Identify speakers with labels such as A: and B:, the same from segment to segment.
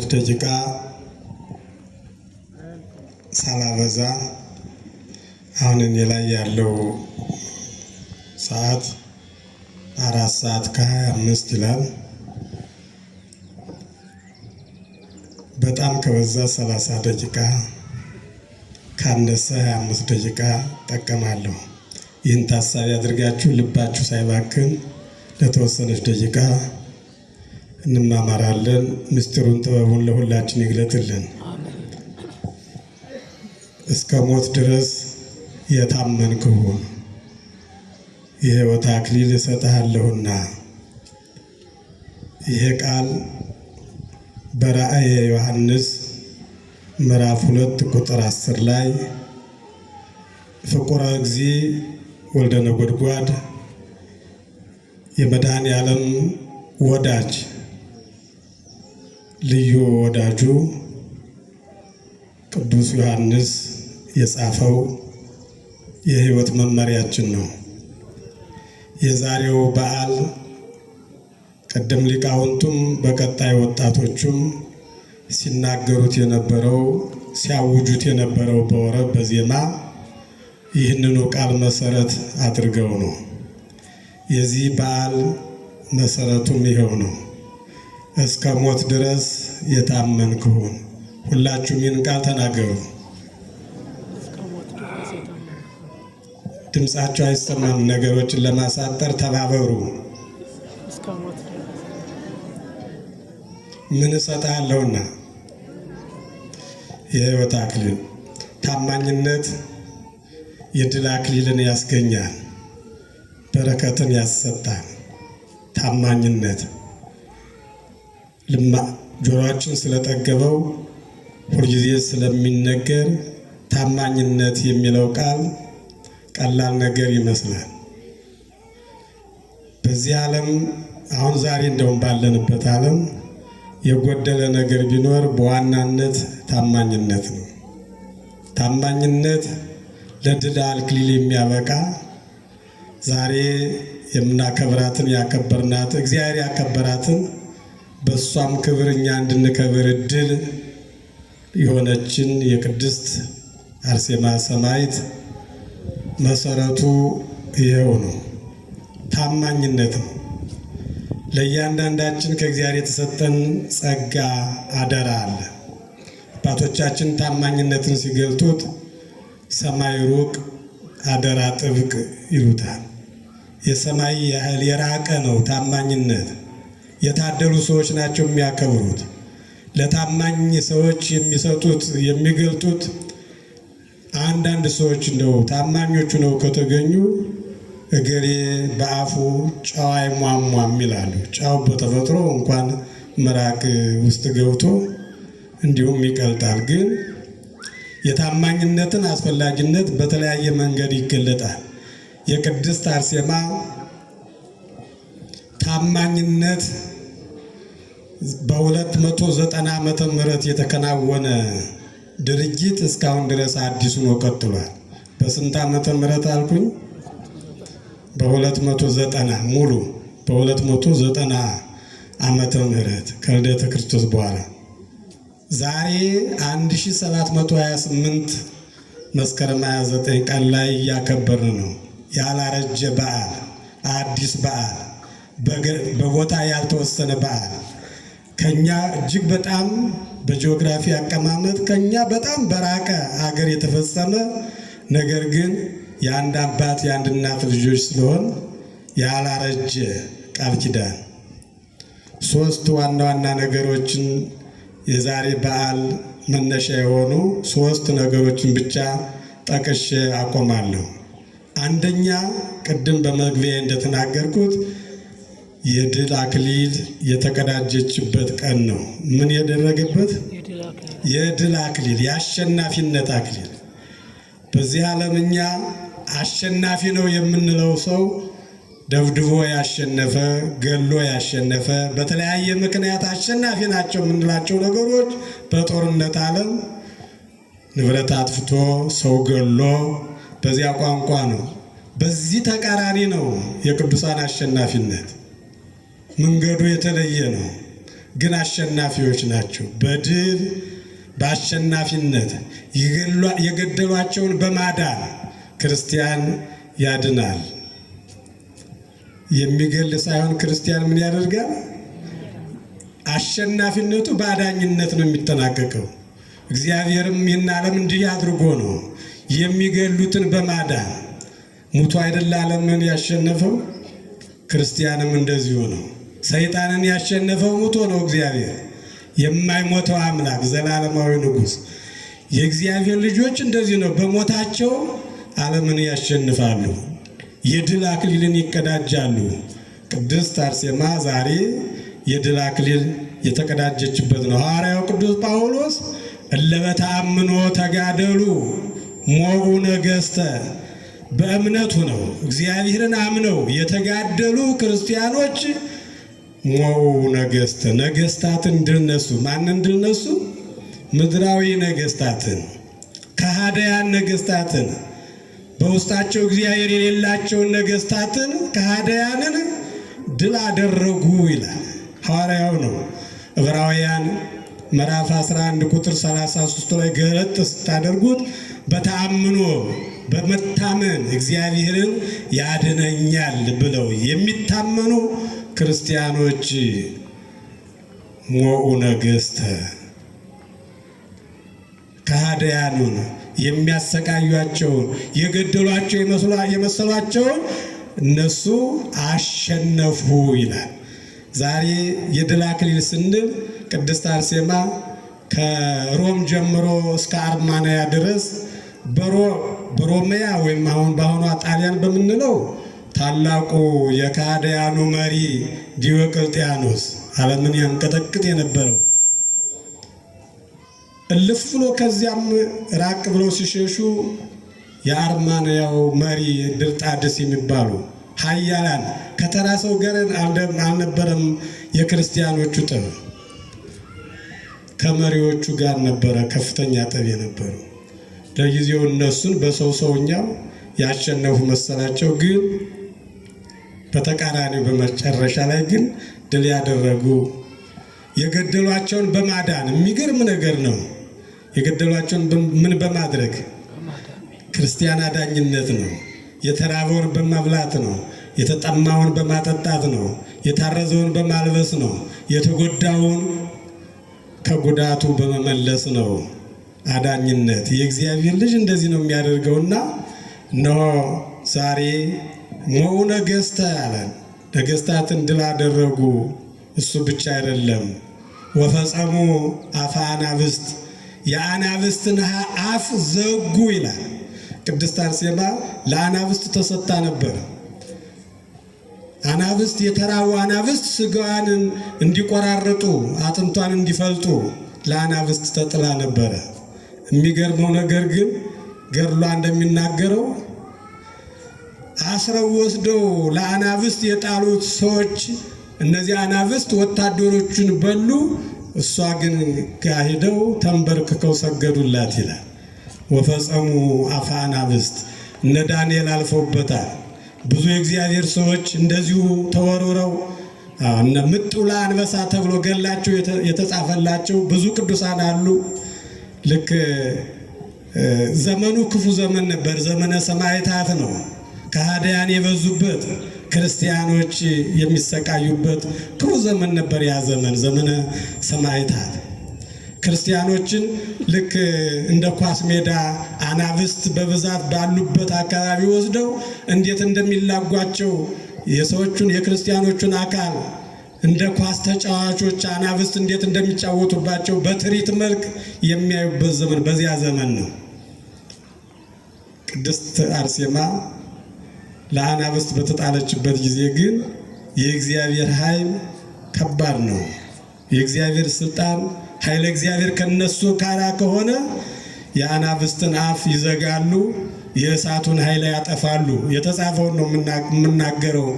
A: በሁለት ደቂቃ ሳላበዛ አሁን እኔ ላይ ያለው ሰዓት አራት ሰዓት ከሀያ አምስት ይላል። በጣም ከበዛ ሰላሳ ደቂቃ ካነሰ ሀያ አምስት ደቂቃ እጠቀማለሁ። ይህን ታሳቢ አድርጋችሁ ልባችሁ ሳይባክን ለተወሰነች ደቂቃ እንማማራለን። ምስጢሩን ጥበቡን ለሁላችን ይግለጥልን። እስከ ሞት ድረስ የታመንክሁን የህይወት የሕይወት አክሊል እሰጥሃለሁና። ይሄ ቃል በራእየ ዮሐንስ ምዕራፍ ሁለት ቁጥር አስር ላይ ፍቁረ እግዚ ወልደ ነጎድጓድ የመድኃኔ ዓለም ወዳጅ ልዩ ወዳጁ ቅዱስ ዮሐንስ የጻፈው የሕይወት መመሪያችን ነው። የዛሬው በዓል ቅድም ሊቃውንቱም በቀጣይ ወጣቶቹም ሲናገሩት የነበረው ሲያውጁት የነበረው በወረብ በዜማ ይህንኑ ቃል መሰረት አድርገው ነው። የዚህ በዓል መሰረቱም ይኸው ነው። እስከ ሞት ድረስ የታመንክ ሁን። ሁላችሁም ይህን ቃል ተናገሩ። ድምፃቸው አይሰማም። ነገሮችን ለማሳጠር ተባበሩ። ምን እሰጥሃለሁና የህይወት አክሊል ታማኝነት የድል አክሊልን ያስገኛል፣ በረከትን ያሰጣል። ታማኝነት ልማ ጆሮአችን ስለጠገበው ሁልጊዜ ስለሚነገር ታማኝነት የሚለው ቃል ቀላል ነገር ይመስላል። በዚህ ዓለም አሁን ዛሬ እንደውም ባለንበት ዓለም የጎደለ ነገር ቢኖር በዋናነት ታማኝነት ነው። ታማኝነት ለድል አክሊል የሚያበቃ ዛሬ የምናከብራትን ያከበርናት እግዚአብሔር ያከበራትን በእሷም ክብር እኛ እንድንከብር እድል የሆነችን የቅድስት አርሴማ ሰማዕት መሰረቱ ይኸው ነው። ታማኝነት ነው። ለእያንዳንዳችን ከእግዚአብሔር የተሰጠን ጸጋ አደራ አለ። አባቶቻችን ታማኝነትን ሲገልጡት ሰማይ ሩቅ አደራ ጥብቅ ይሉታል። የሰማይ ያህል የራቀ ነው ታማኝነት። የታደሉ ሰዎች ናቸው የሚያከብሩት። ለታማኝ ሰዎች የሚሰጡት የሚገልጡት አንዳንድ ሰዎች እንደው ታማኞቹ ነው ከተገኙ እገሌ በአፉ ጨዋ አይሟሟም ይላሉ። ጫው በተፈጥሮ እንኳን ምራቅ ውስጥ ገብቶ እንዲሁም ይቀልጣል። ግን የታማኝነትን አስፈላጊነት በተለያየ መንገድ ይገለጣል። የቅድስት አርሴማ ታማኝነት በ ዘጠና ዓመተ ምህረት የተከናወነ ድርጅት እስካሁን ድረስ አዲሱ ነው ቀጥሏል። በስንት ዓመተ ምህረት አልኩኝ? በ290 ሙሉ በ290 ዓመተ ምህረት ከልደተ ክርስቶስ በኋላ ዛሬ 1728 መስከረም 29 ቀን ላይ እያከበርን ነው። ያላረጀ በዓል አዲስ በዓል በቦታ ያልተወሰነ በዓል ከኛ እጅግ በጣም በጂኦግራፊ አቀማመጥ ከኛ በጣም በራቀ ሀገር የተፈጸመ ነገር ግን የአንድ አባት የአንድ እናት ልጆች ስለሆን ያላረጀ ቃል ኪዳን ሶስት ዋና ዋና ነገሮችን የዛሬ በዓል መነሻ የሆኑ ሶስት ነገሮችን ብቻ ጠቅሼ አቆማለሁ። አንደኛ ቅድም በመግቢያ እንደተናገርኩት የድል አክሊል የተቀዳጀችበት ቀን ነው። ምን የደረገበት የድል አክሊል፣ የአሸናፊነት አክሊል። በዚህ ዓለም እኛ አሸናፊ ነው የምንለው ሰው ደብድቦ ያሸነፈ፣ ገሎ ያሸነፈ፣ በተለያየ ምክንያት አሸናፊ ናቸው የምንላቸው ነገሮች በጦርነት ዓለም ንብረት አጥፍቶ ሰው ገሎ በዚያ ቋንቋ ነው። በዚህ ተቃራኒ ነው የቅዱሳን አሸናፊነት መንገዱ የተለየ ነው፣ ግን አሸናፊዎች ናቸው። በድል በአሸናፊነት የገደሏቸውን በማዳን ክርስቲያን ያድናል። የሚገል ሳይሆን ክርስቲያን ምን ያደርጋል? አሸናፊነቱ በአዳኝነት ነው የሚጠናቀቀው። እግዚአብሔርም ይህን ዓለም እንዲህ አድርጎ ነው የሚገሉትን በማዳን ሙቶ አይደለ ዓለምን ያሸነፈው። ክርስቲያንም እንደዚሁ ነው። ሰይጣንን ያሸነፈው ሙቶ ነው። እግዚአብሔር የማይሞተው አምላክ ዘላለማዊ ንጉሥ። የእግዚአብሔር ልጆች እንደዚህ ነው፣ በሞታቸው ዓለምን ያሸንፋሉ፣ የድል አክሊልን ይቀዳጃሉ። ቅድስት አርሴማ ዛሬ የድል አክሊል የተቀዳጀችበት ነው። ሐዋርያው ቅዱስ ጳውሎስ እለበተአምኖ ተጋደሉ ሞዑ ነገሥተ በእምነቱ ነው። እግዚአብሔርን አምነው የተጋደሉ ክርስቲያኖች ሞው ነገስት ነገስታትን ድልነሱ ማንን ድልነሱ ምድራዊ ነገስታትን ከሃዳያን ነገስታትን በውስጣቸው እግዚአብሔር የሌላቸውን ነገስታትን ከሃዳያንን ድል አደረጉ ይላል ሐዋርያው ነው። ዕብራውያን ምዕራፍ 11 ቁጥር 33 ላይ ገለጥ ስታደርጉት በተአምኖ በመታመን እግዚአብሔርን ያድነኛል ብለው የሚታመኑ ክርስቲያኖች ሞኡ ነገሥተ ከሃዲያኑን የሚያሰቃዩቸውን የገደሏቸው የመሰሏቸውን እነሱ አሸነፉ ይላል። ዛሬ የድል አክሊል ስንል ቅድስት አርሴማ ከሮም ጀምሮ እስከ አርማንያ ድረስ በሮሚያ ወይም አሁን በአሁኗ ጣሊያን በምንለው ታላቁ የካህዲያኑ መሪ ዲዮቅልጥያኖስ ዓለምን ያንቀጠቅጥ የነበረው እልፍ ብሎ ከዚያም ራቅ ብለው ሲሸሹ የአርማንያው መሪ ድርጣድስ የሚባሉ ሀያላን ከተራ ሰው ጋር አልነበረም። የክርስቲያኖቹ ጥብ ከመሪዎቹ ጋር ነበረ፣ ከፍተኛ ጠብ የነበሩ ለጊዜው እነሱን በሰው ሰውኛው ያሸነፉ መሰላቸው ግን በተቃራኒው በመጨረሻ ላይ ግን ድል ያደረጉ የገደሏቸውን በማዳን የሚገርም ነገር ነው። የገደሏቸውን ምን በማድረግ ክርስቲያን አዳኝነት ነው። የተራበውን በማብላት ነው። የተጠማውን በማጠጣት ነው። የታረዘውን በማልበስ ነው። የተጎዳውን ከጉዳቱ በመመለስ ነው። አዳኝነት የእግዚአብሔር ልጅ እንደዚህ ነው የሚያደርገውና እነሆ ዛሬ ሞዑ ነገሥተ አለን። ነገሥታትን ድል አደረጉ። እሱ ብቻ አይደለም ወፈጸሙ አፈ አናብስት የአናብስትን አፍ ዘጉ ይላል። ቅድስት አርሴማ ለአናብስት ተሰጥታ ነበር። አናብስት የተራቡ አናብስት ስጋዋን እንዲቆራርጡ አጥንቷን እንዲፈልጡ ለአናብስት ተጥላ ነበረ። የሚገርመው ነገር ግን ገድሏ እንደሚናገረው አስረው ወስደው ለአናብስት የጣሉት ሰዎች እነዚህ አናብስት ወታደሮቹን በሉ፣ እሷ ግን ካሂደው ተንበርክከው ሰገዱላት ይላል። ወፈጸሙ አፈ አናብስት እነ ዳንኤል አልፈውበታል። ብዙ የእግዚአብሔር ሰዎች እንደዚሁ ተወርውረው ምጡላ አንበሳ ተብሎ ገላቸው የተጻፈላቸው ብዙ ቅዱሳን አሉ። ልክ ዘመኑ ክፉ ዘመን ነበር። ዘመነ ሰማዕታት ነው። ከሃዲያን የበዙበት ክርስቲያኖች የሚሰቃዩበት ጥሩ ዘመን ነበር። ያ ዘመን ዘመነ ሰማዕታት ክርስቲያኖችን ልክ እንደ ኳስ ሜዳ አናብስት በብዛት ባሉበት አካባቢ ወስደው እንዴት እንደሚላጓቸው የሰዎቹን የክርስቲያኖቹን አካል እንደ ኳስ ተጫዋቾች አናብስት እንዴት እንደሚጫወቱባቸው በትርኢት መልክ የሚያዩበት ዘመን በዚያ ዘመን ነው ቅድስት አርሴማ ለአናብስት በተጣለችበት ጊዜ ግን የእግዚአብሔር ኃይል ከባድ ነው። የእግዚአብሔር ስልጣን ኃይለ እግዚአብሔር ከነሱ ካራ ከሆነ የአናብስትን አፍ ይዘጋሉ፣ የእሳቱን ኃይል ያጠፋሉ። የተጻፈውን ነው የምናገረው።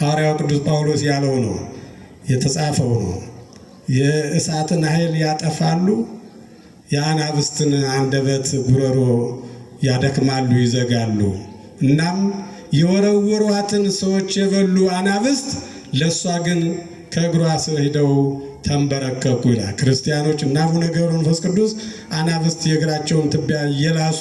A: ሐዋርያው ቅዱስ ጳውሎስ ያለው ነው የተጻፈው ነው። የእሳትን ኃይል ያጠፋሉ፣ የአናብስትን አንደበት ጉረሮ ያደክማሉ፣ ይዘጋሉ። እናም የወረወሯትን ሰዎች የበሉ አናብስት ለእሷ ግን ከእግሯ ስር ሂደው ተንበረከኩ ይላል። ክርስቲያኖች እና አቡነ ገብረ መንፈስ ቅዱስ አናብስት የእግራቸውን ትቢያ እየላሱ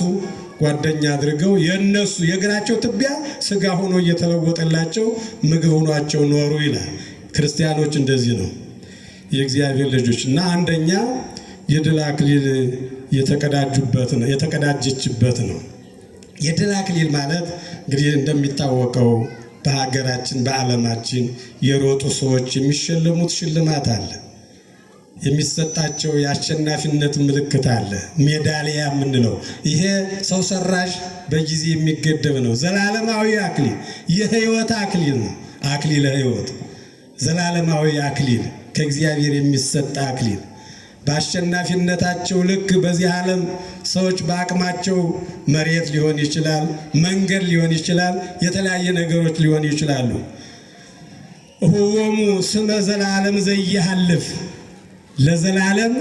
A: ጓደኛ አድርገው የእነሱ የእግራቸው ትቢያ ስጋ ሆኖ እየተለወጠላቸው ምግብ ሆኗቸው ኖሩ ይላል። ክርስቲያኖች እንደዚህ ነው የእግዚአብሔር ልጆች እና አንደኛ የድል አክሊል የተቀዳጁበት ነው የተቀዳጀችበት ነው። የድል አክሊል ማለት እንግዲህ እንደሚታወቀው በሀገራችን በዓለማችን የሮጡ ሰዎች የሚሸለሙት ሽልማት አለ፣ የሚሰጣቸው የአሸናፊነት ምልክት አለ፣ ሜዳሊያ የምንለው ይሄ ሰው ሰራሽ በጊዜ የሚገደብ ነው። ዘላለማዊ አክሊል የህይወት አክሊል ነው። አክሊለ ህይወት ዘላለማዊ አክሊል ከእግዚአብሔር የሚሰጥ አክሊል በአሸናፊነታቸው ልክ በዚህ ዓለም ሰዎች በአቅማቸው መሬት ሊሆን ይችላል፣ መንገድ ሊሆን ይችላል፣ የተለያየ ነገሮች ሊሆን ይችላሉ። ህወሙ ስመ ዘላለም ዘይሃልፍ ለዘላለም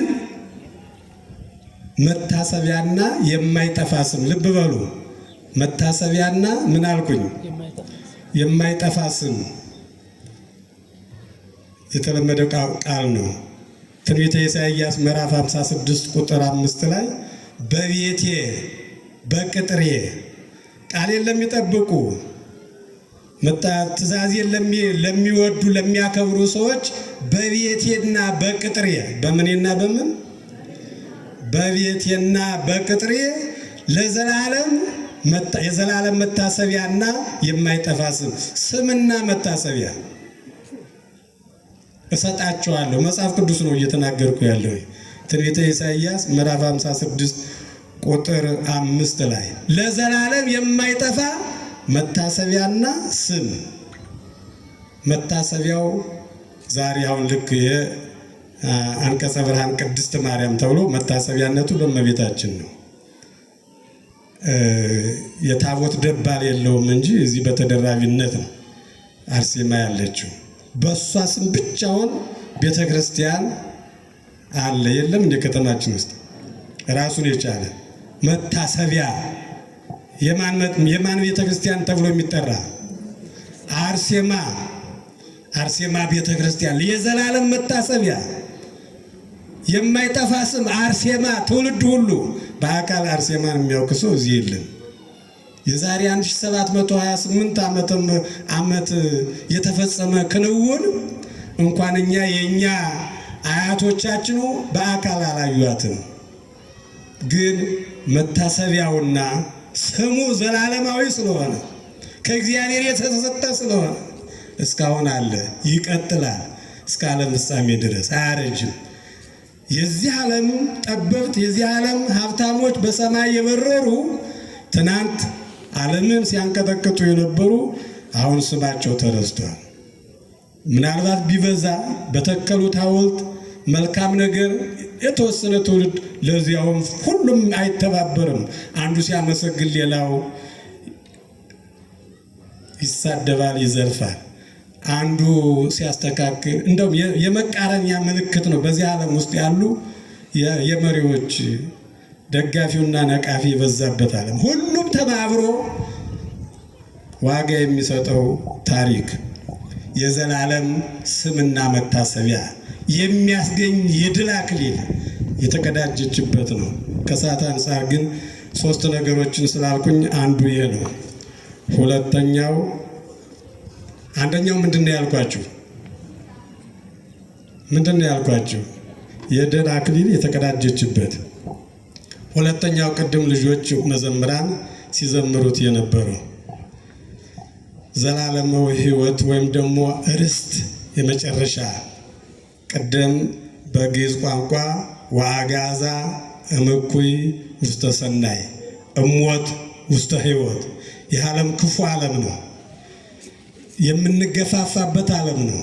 A: መታሰቢያና የማይጠፋ ስም። ልብ በሉ መታሰቢያና ምን አልኩኝ? የማይጠፋ ስም የተለመደው ቃል ነው። ትንቢተ ኢሳይያስ ምዕራፍ 56 ቁጥር አምስት ላይ በቤቴ በቅጥሬ ቃሌን ለሚጠብቁ ትእዛዜን ለሚወዱ ለሚያከብሩ ሰዎች በቤቴና በቅጥሬ በምኔና በምን በቤቴና በቅጥሬ ለዘላለም የዘላለም መታሰቢያና የማይጠፋ ስም ስምና መታሰቢያ እሰጣቸዋለሁ። መጽሐፍ ቅዱስ ነው እየተናገርኩ ያለው። ትንቢተ ኢሳይያስ ምዕራፍ 56 ቁጥር አምስት ላይ ለዘላለም የማይጠፋ መታሰቢያና ስም መታሰቢያው ዛሬ አሁን ልክ የአንቀጸ ብርሃን ቅድስት ማርያም ተብሎ መታሰቢያነቱ በእመቤታችን ነው። የታቦት ደባል የለውም እንጂ እዚህ በተደራቢነት ነው አርሴማ ያለችው። በእሷ ስም ብቻውን ቤተ ክርስቲያን አለ የለም እንደ ከተማችን ውስጥ ራሱን የቻለ መታሰቢያ የማን ቤተ ክርስቲያን ተብሎ የሚጠራ አርሴማ አርሴማ ቤተ ክርስቲያን የዘላለም መታሰቢያ የማይጠፋ ስም አርሴማ። ትውልድ ሁሉ በአካል አርሴማን የሚያውቅ ሰው እዚህ የለም። የዛሬ 1728 ዓመት ዓመት የተፈጸመ ክንውን እንኳን እኛ የእኛ አያቶቻችኑ በአካል አላዩዋትም፣ ግን መታሰቢያውና ስሙ ዘላለማዊ ስለሆነ ከእግዚአብሔር የተሰጠ ስለሆነ እስካሁን አለ፣ ይቀጥላል እስከ ዓለም ፍጻሜ ድረስ አያረጅም። የዚህ ዓለም ጠበብት፣ የዚህ ዓለም ሀብታሞች በሰማይ የበረሩ ትናንት ዓለምን ሲያንቀጠቅጡ የነበሩ አሁን ስማቸው ተረስቷል። ምናልባት ቢበዛ በተከሉት ሐውልት መልካም ነገር የተወሰነ ትውልድ ለዚያውም ሁሉም አይተባበርም። አንዱ ሲያመሰግን ሌላው ይሳደባል፣ ይዘርፋል አንዱ ሲያስተካክል እንደውም የመቃረኛ ምልክት ነው። በዚህ ዓለም ውስጥ ያሉ የመሪዎች ደጋፊውና ነቃፊ የበዛበት ዓለም ሁሉም ተባብሮ ዋጋ የሚሰጠው ታሪክ የዘላለም ስምና መታሰቢያ የሚያስገኝ የድል አክሊል የተቀዳጀችበት ነው። ከሰዓት አንጻር ግን ሶስት ነገሮችን ስላልኩኝ አንዱ ይሄ ነው። ሁለተኛው አንደኛው ምንድን ነው ያልኳችሁ? ምንድን ነው ያልኳችሁ? የድል አክሊል የተቀዳጀችበት። ሁለተኛው ቅድም ልጆች መዘምራን ሲዘምሩት የነበረው ዘላለማዊ ህይወት ወይም ደግሞ ርስት የመጨረሻ ቅድም በግዕዝ ቋንቋ ወአግዓዛ እምኩይ ውስተ ሰናይ እሞት ውስተ ህይወት ይህ ዓለም ክፉ ዓለም ነው፣ የምንገፋፋበት ዓለም ነው።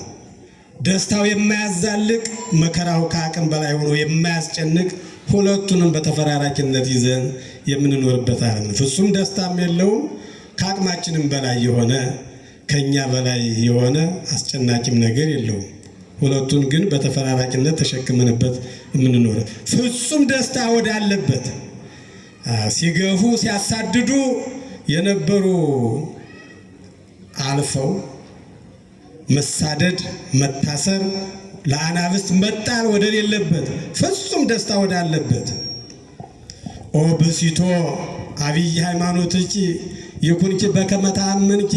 A: ደስታው የማያዛልቅ መከራው ከአቅም በላይ ሆኖ የማያስጨንቅ ሁለቱንም በተፈራራቂነት ይዘን የምንኖርበት ዓለም ነው። ፍጹም ደስታም የለውም ከአቅማችንም በላይ የሆነ ከእኛ በላይ የሆነ አስጨናቂም ነገር የለውም። ሁለቱን ግን በተፈራራቂነት ተሸክመንበት የምንኖረ ፍጹም ደስታ ወዳለበት ሲገፉ ሲያሳድዱ የነበሩ አልፈው መሳደድ፣ መታሰር፣ ለአናብስት መጣል ወደሌለበት ፍጹም ደስታ ወዳለበት ኦ ብሲቶ አብይ ሃይማኖት እጪ ይኩንኪ በከመ ተአምንኪ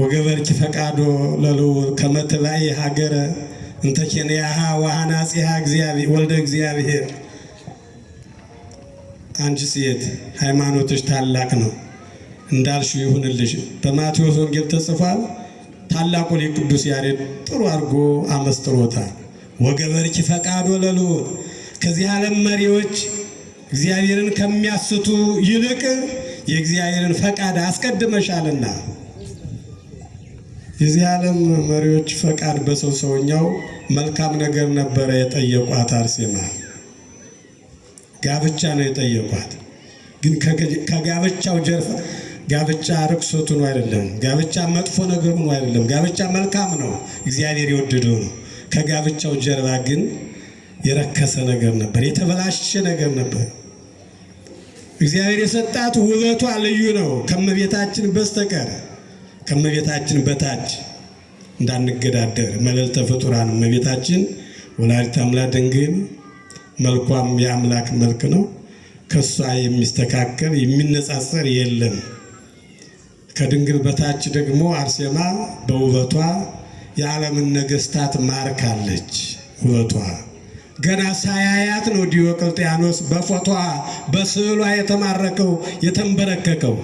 A: ወገበርኪ ፈቃዶ ለልዑል ከመ ትባኢ ሀገረ እንተ ኬንያሃ ወአናጺሃ ወልደ እግዚአብሔር። አንቺ ሴት ሃይማኖትሽ ታላቅ ነው፣ እንዳልሽው ይሁንልሽ። በማቴዎስ ወንጌል ተጽፏል። ታላቁ ሊቅ ቅዱስ ያሬድ ጥሩ አድርጎ አመስጥሮታል። ወገበርኪ ፈቃዶ ለልዑል ከዚህ ዓለም መሪዎች እግዚአብሔርን ከሚያስቱ ይልቅ የእግዚአብሔርን ፈቃድ አስቀድመሻልና። የዚህ ዓለም መሪዎች ፈቃድ በሰው ሰውኛው መልካም ነገር ነበረ የጠየቋት። አርሴማ ጋብቻ ነው የጠየቋት። ግን ከጋብቻው ጀርፋ ጋብቻ ርክሶት ሆኖ አይደለም። ጋብቻ መጥፎ ነገር ሆኖ አይደለም። ጋብቻ መልካም ነው፣ እግዚአብሔር የወደደው ነው። ከጋብቻው ጀርባ ግን የረከሰ ነገር ነበር፣ የተበላሸ ነገር ነበር። እግዚአብሔር የሰጣት ውበቷ ልዩ ነው። ከመቤታችን በስተቀር ከመቤታችን በታች እንዳንገዳደር መልዕልተ ፍጡራን መቤታችን ወላዲተ አምላክ ድንግል መልኳም የአምላክ መልክ ነው። ከሷ የሚስተካከል የሚነጻጸር የለም። ከድንግል በታች ደግሞ አርሴማ በውበቷ የዓለምን ነገስታት ማርካለች ውበቷ ገና ሳያያት ነው ዲዮቅልጥያኖስ በፎቷ በስዕሏ የተማረከው የተንበረከከው።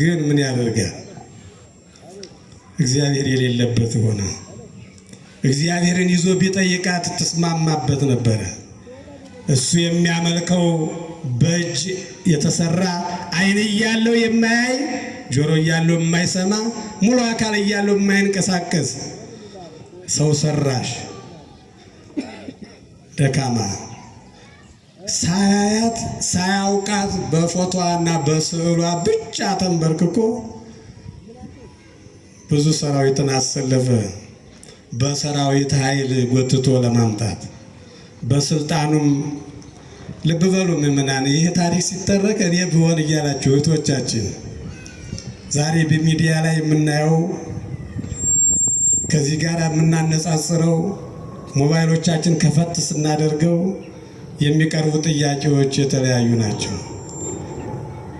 A: ግን ምን ያደርጋል? እግዚአብሔር የሌለበት ሆነ። እግዚአብሔርን ይዞ ቢጠይቃት ትስማማበት ነበረ። እሱ የሚያመልከው በእጅ የተሰራ አይን እያለው የማያይ ጆሮ እያለው የማይሰማ ሙሉ አካል እያለው የማይንቀሳቀስ ሰው ሰራሽ ደካማ ሳያያት ሳያውቃት እና በስዕሏ ብቻ ተንበርክኮ ብዙ ሰራዊትን አሰለፈ። በሰራዊት ኃይል ጎትቶ ለማምጣት በስልጣኑም ልብ በሉ ምዕመናን፣ ይህ ታሪክ ሲተረክ እኔ ብሆን እያላችሁ እህቶቻችን፣ ዛሬ በሚዲያ ላይ የምናየው ከዚህ ጋር የምናነጻጽረው ሞባይሎቻችን ከፈት ስናደርገው የሚቀርቡ ጥያቄዎች የተለያዩ ናቸው።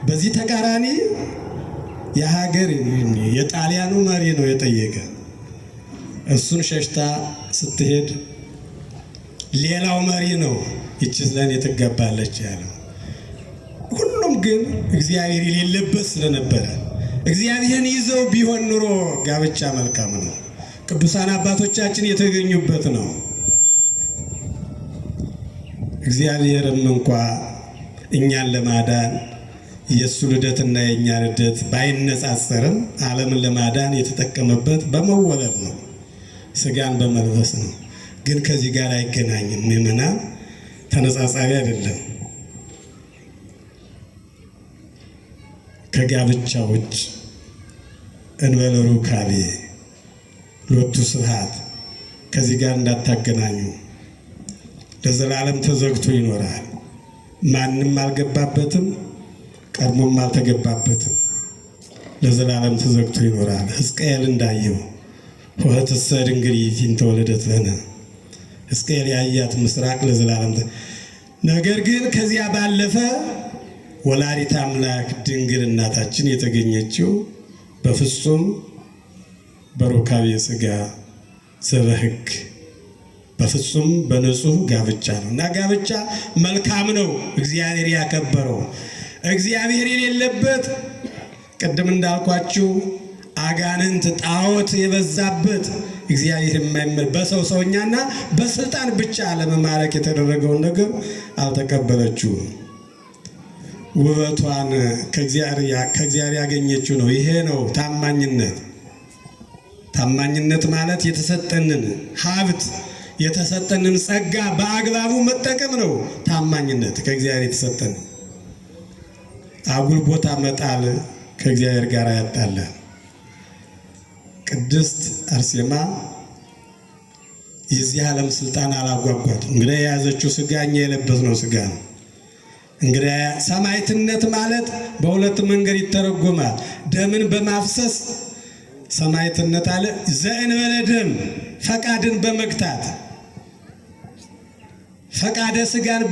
A: በዚህ ተቃራኒ የሀገር የጣሊያኑ መሪ ነው የጠየቀ። እሱን ሸሽታ ስትሄድ ሌላው መሪ ነው ይችስ ለእኔ ትገባለች ያለው። ሁሉም ግን እግዚአብሔር የሌለበት ስለነበረ እግዚአብሔርን ይዘው ቢሆን ኑሮ ጋብቻ መልካም ነው፣ ቅዱሳን አባቶቻችን የተገኙበት ነው። እግዚአብሔርም እንኳ እኛን ለማዳን የእሱ ልደትና የእኛ ልደት ባይነጻጸርም ዓለምን ለማዳን የተጠቀመበት በመወለድ ነው፣ ስጋን በመልበስ ነው። ግን ከዚህ ጋር አይገናኝም። ምዕመና ተነጻጻሪ አይደለም። ከጋብቻ ውጭ እንበለ ሩካቤ ሎቱ ስብሐት ከዚህ ጋር እንዳታገናኙ። ለዘላለም ተዘግቶ ይኖራል። ማንም አልገባበትም፣ ቀድሞም አልተገባበትም። ለዘላለም ተዘግቶ ይኖራል። ሕዝቅኤል እንዳየው ኆኅትሰ ድንግል ይእቲ ተወለደት ለነ ሕዝቅኤል ያያት ምስራቅ ለዘላለም ነገር ግን ከዚያ ባለፈ ወላዲተ አምላክ ድንግል እናታችን የተገኘችው በፍጹም በሩካቤ ሥጋ ዘበ ሕግ በፍጹም በንጹህ ጋብቻ ነው እና ጋብቻ መልካም ነው። እግዚአብሔር ያከበረው እግዚአብሔር የሌለበት ቅድም እንዳልኳችሁ አጋንንት ጣዖት የበዛበት እግዚአብሔር የማይመል በሰው ሰውኛና በስልጣን ብቻ ለመማረክ የተደረገውን ነገር አልተቀበለችውም። ውበቷን ከእግዚአብሔር ያገኘችው ነው። ይሄ ነው ታማኝነት። ታማኝነት ማለት የተሰጠንን ሀብት የተሰጠንን ጸጋ በአግባቡ መጠቀም ነው። ታማኝነት ከእግዚአብሔር የተሰጠን። አጉል ቦታ መጣል ከእግዚአብሔር ጋር ያጣላል። ቅድስት አርሴማ የዚህ ዓለም ስልጣን አላጓጓት። እንግዲህ የያዘችው ስጋ እኛ ነው ስጋ ነው። እንግዲህ ሰማይትነት ማለት በሁለት መንገድ ይተረጎማል። ደምን በማፍሰስ ሰማይትነት አለ። ዘእንበለ ደም ፈቃድን በመግታት ፈቃደ ስጋን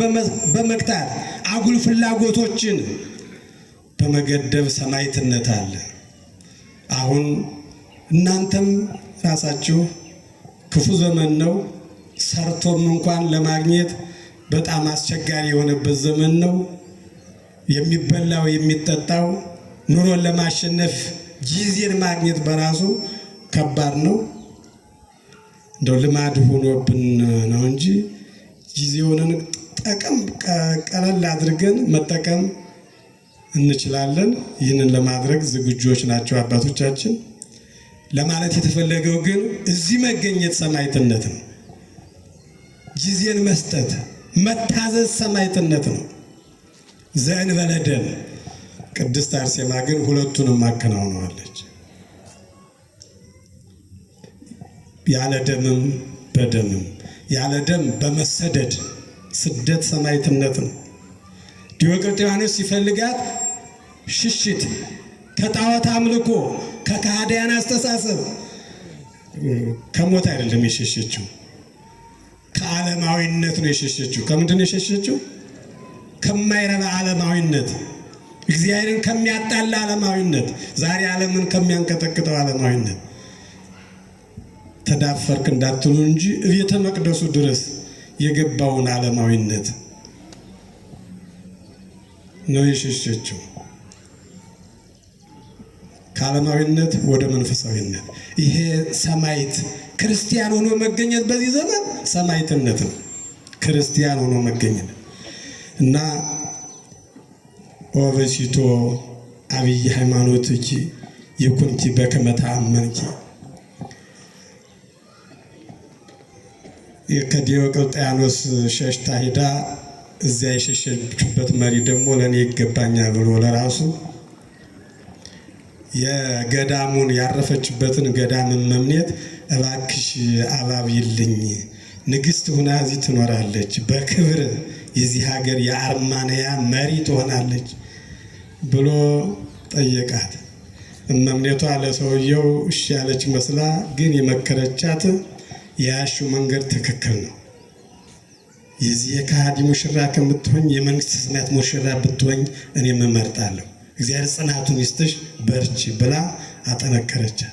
A: በመግታት አጉል ፍላጎቶችን በመገደብ ሰማይትነት አለ። አሁን እናንተም ራሳችሁ ክፉ ዘመን ነው። ሰርቶም እንኳን ለማግኘት በጣም አስቸጋሪ የሆነበት ዘመን ነው። የሚበላው የሚጠጣው ኑሮን ለማሸነፍ ጊዜን ማግኘት በራሱ ከባድ ነው። እንደው ልማድ ሆኖብን ነው እንጂ ጊዜውንን ጠቅም ቀለል አድርገን መጠቀም እንችላለን። ይህንን ለማድረግ ዝግጆች ናቸው አባቶቻችን። ለማለት የተፈለገው ግን እዚህ መገኘት ሰማዕትነት ነው። ጊዜን መስጠት መታዘዝ ሰማዕትነት ነው። ዘእንበለ ደም ቅድስት አርሴማ ግን ሁለቱንም አከናውነዋለች። ያለ ደምም በደምም ያለ ደም በመሰደድ ስደት ሰማዕትነት ነው። ዲዮቅልጥያኖስ ሲፈልጋት ሽሽት ከጣዖት አምልኮ ከካህዲያን አስተሳሰብ ከሞት አይደለም የሸሸችው፣ ከዓለማዊነት ነው የሸሸችው። ከምንድን ነው የሸሸችው? ከማይረባ ዓለማዊነት፣ እግዚአብሔርን ከሚያጣላ ዓለማዊነት፣ ዛሬ ዓለምን ከሚያንቀጠቅጠው ዓለማዊነት ተዳፈርክ እንዳትሉ እንጂ ቤተ መቅደሱ ድረስ የገባውን ዓለማዊነት ነው የሸሸችው። ከዓለማዊነት ወደ መንፈሳዊነት። ይሄ ሰማይት ክርስቲያን ሆኖ መገኘት በዚህ ዘመን ሰማይትነት ነው። ክርስቲያን ሆኖ መገኘት እና ኦቨሲቶ አብይ ሃይማኖት እጂ የኩንቲ በከመታ መንኪ ከዲዮቅልጥያኖስ ሸሽታ ሂዳ እዚያ የሸሸችበት መሪ ደግሞ ለእኔ ይገባኛል ብሎ ለራሱ የገዳሙን ያረፈችበትን ገዳም መምኔት እባክሽ አባቢልኝ፣ ንግስት ሁና እዚህ ትኖራለች፣ በክብር የዚህ ሀገር የአርማንያ መሪ ትሆናለች ብሎ ጠየቃት። እመምኔቷ ለሰውየው እሺ ያለች መስላ ግን የመከረቻት የያሹ መንገድ ትክክል ነው። የዚህ የካሃዲ ሙሽራ ከምትሆኝ የመንግስት ሰማያት ሙሽራ ብትሆኝ እኔ መመርጣለሁ እግዚአብሔር ጽናቱን ይስጥሽ በርቺ ብላ አጠነከረቻት።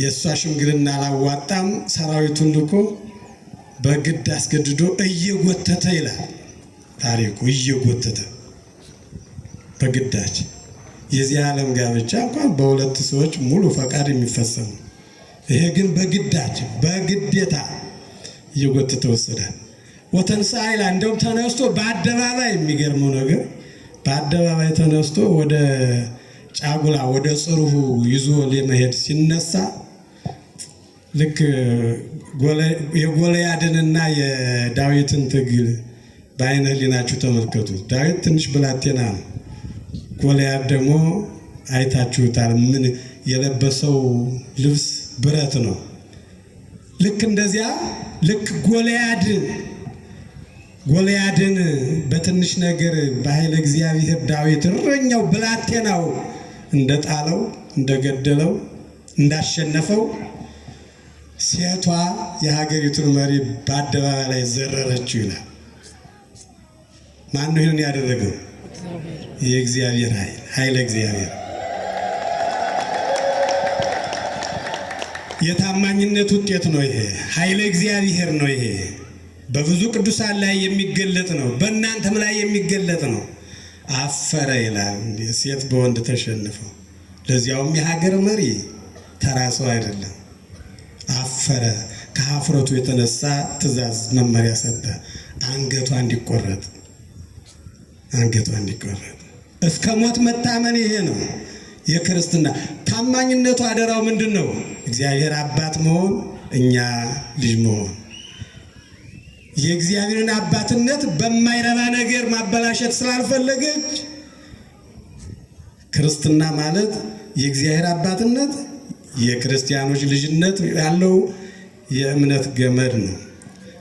A: የእሷ ሽምግልና አላዋጣም። ሰራዊቱን ልኮ በግድ አስገድዶ እየጎተተ ይላል ታሪኩ። እየጎተተ በግዳች የዚህ ዓለም ጋብቻ እንኳን በሁለት ሰዎች ሙሉ ፈቃድ ነው ይሄ ግን በግዳጅ በግዴታ እየጎተተ ወሰዳል። ወተንሳ ይላ እንደውም ተነስቶ በአደባባይ የሚገርመው ነገር በአደባባይ ተነስቶ ወደ ጫጉላ ወደ ጽሩሁ ይዞ ለመሄድ ሲነሳ ልክ የጎልያድንና የዳዊትን ትግል በአይነ ህሊናችሁ ተመልከቱ። ዳዊት ትንሽ ብላቴና ነው። ጎልያድ ደግሞ አይታችሁታል። ምን የለበሰው ልብስ ብረት ነው። ልክ እንደዚያ ልክ ጎልያድ ጎልያድን በትንሽ ነገር በኃይለ እግዚአብሔር ዳዊት እረኛው ብላቴናው እንደጣለው እንደገደለው እንዳሸነፈው ሴቷ የሀገሪቱን መሪ በአደባባይ ላይ ዘረረችው ይላል። ማነው ይህንን ያደረገው? የእግዚአብሔር ኃይል ኃይለ እግዚአብሔር የታማኝነት ውጤት ነው። ይሄ ኃይለ እግዚአብሔር ነው። ይሄ በብዙ ቅዱሳን ላይ የሚገለጥ ነው። በእናንተም ላይ የሚገለጥ ነው። አፈረ ይላል ሴት በወንድ ተሸንፈው፣ ለዚያውም የሀገር መሪ ተራ ሰው አይደለም። አፈረ ከሀፍረቱ የተነሳ ትእዛዝ መመሪያ ሰጠ። አንገቷ እንዲቆረጥ አንገቷ እንዲቆረጥ እስከ ሞት መታመን ይሄ ነው የክርስትና ታማኝነቱ። አደራው ምንድን ነው? የእግዚአብሔር አባት መሆን እኛ ልጅ መሆን የእግዚአብሔርን አባትነት በማይረባ ነገር ማበላሸት ስላልፈለገች ክርስትና ማለት የእግዚአብሔር አባትነት የክርስቲያኖች ልጅነት ያለው የእምነት ገመድ ነው።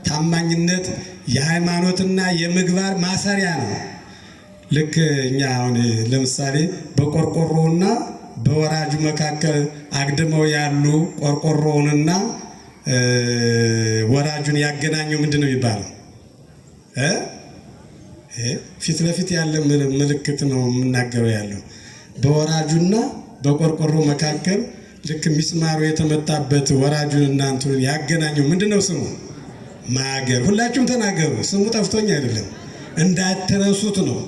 A: ታማኝነት የሃይማኖትና የምግባር ማሰሪያ ነው። ልክ እኛ አሁን ለምሳሌ በቆርቆሮና በወራጁ መካከል አግድመው ያሉ ቆርቆሮውንና ወራጁን ያገናኘው ምንድን ነው የሚባለው? ፊት ለፊት ያለ ምልክት ነው የምናገረው ያለው በወራጁና በቆርቆሮ መካከል ልክ ሚስማሩ የተመታበት ወራጁን እና እንትኑን ያገናኘው ምንድን ነው ስሙ? ማገር። ሁላችሁም ተናገሩ። ስሙ ጠፍቶኝ አይደለም እንዳትረሱት ነው።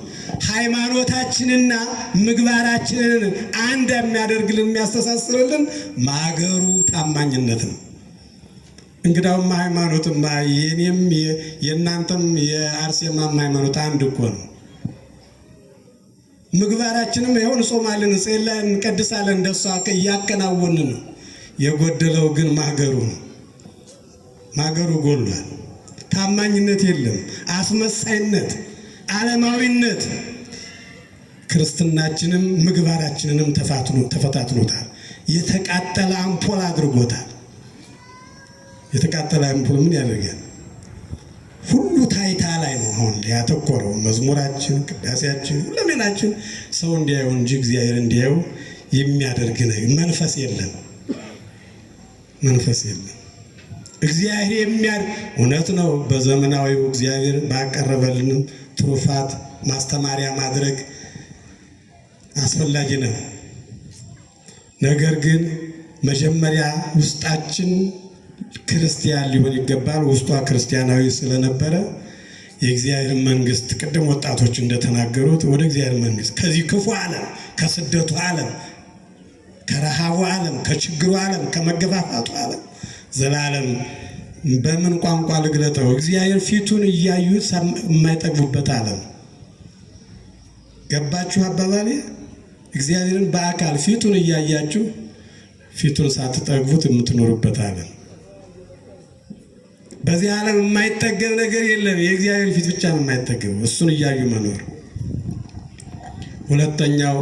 A: ሃይማኖታችንና ምግባራችንን አንድ የሚያደርግልን የሚያስተሳስርልን ማገሩ ታማኝነት ነው። እንግዳውም ሃይማኖትማ የኔም የእናንተም የአርሴማም ሃይማኖት አንድ እኮ ነው። ምግባራችንም ይሁን እንጾማለን፣ እንጸልያለን፣ እንቀድሳለን እንደሷ እያከናወን ነው። የጎደለው ግን ማገሩ ነው። ማገሩ ጎሏል። ታማኝነት የለም፣ አስመሳይነት ዓለማዊነት ክርስትናችንም ምግባራችንንም ተፈታትኖታል። የተቃጠለ አምፖል አድርጎታል። የተቃጠለ አምፖል ምን ያደርጋል? ሁሉ ታይታ ላይ ነው አሁን ያተኮረው። መዝሙራችን፣ ቅዳሴያችን፣ ሁለመናችን ሰው እንዲያየው እንጂ እግዚአብሔር እንዲያየው የሚያደርግ መንፈስ የለም። መንፈስ የለም። እግዚአብሔር የሚያድ እውነት ነው። በዘመናዊው እግዚአብሔር ባቀረበልንም ትሩፋት ማስተማሪያ ማድረግ አስፈላጊ ነው። ነገር ግን መጀመሪያ ውስጣችን ክርስቲያን ሊሆን ይገባል። ውስጧ ክርስቲያናዊ ስለነበረ የእግዚአብሔር መንግስት፣ ቅድም ወጣቶች እንደተናገሩት ወደ እግዚአብሔር መንግስት ከዚህ ክፉ ዓለም ከስደቱ ዓለም ከረሃቡ ዓለም ከችግሩ ዓለም ከመገፋፋቱ ዓለም ዘላለም በምን ቋንቋ ልግለጠው? እግዚአብሔር ፊቱን እያዩት የማይጠግቡበት ዓለም ገባችሁ አባባሌ? እግዚአብሔርን በአካል ፊቱን እያያችሁ ፊቱን ሳትጠግቡት የምትኖሩበት ዓለም። በዚህ ዓለም የማይጠገብ ነገር የለም። የእግዚአብሔር ፊት ብቻ ነው የማይጠገብ፣ እሱን እያዩ መኖር። ሁለተኛው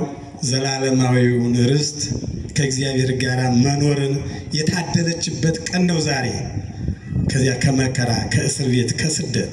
A: ዘላለማዊውን ርስት ከእግዚአብሔር ጋር መኖርን የታደለችበት ቀን ነው ዛሬ። ከዚያ ከመከራ ከእስር ቤት ከስደት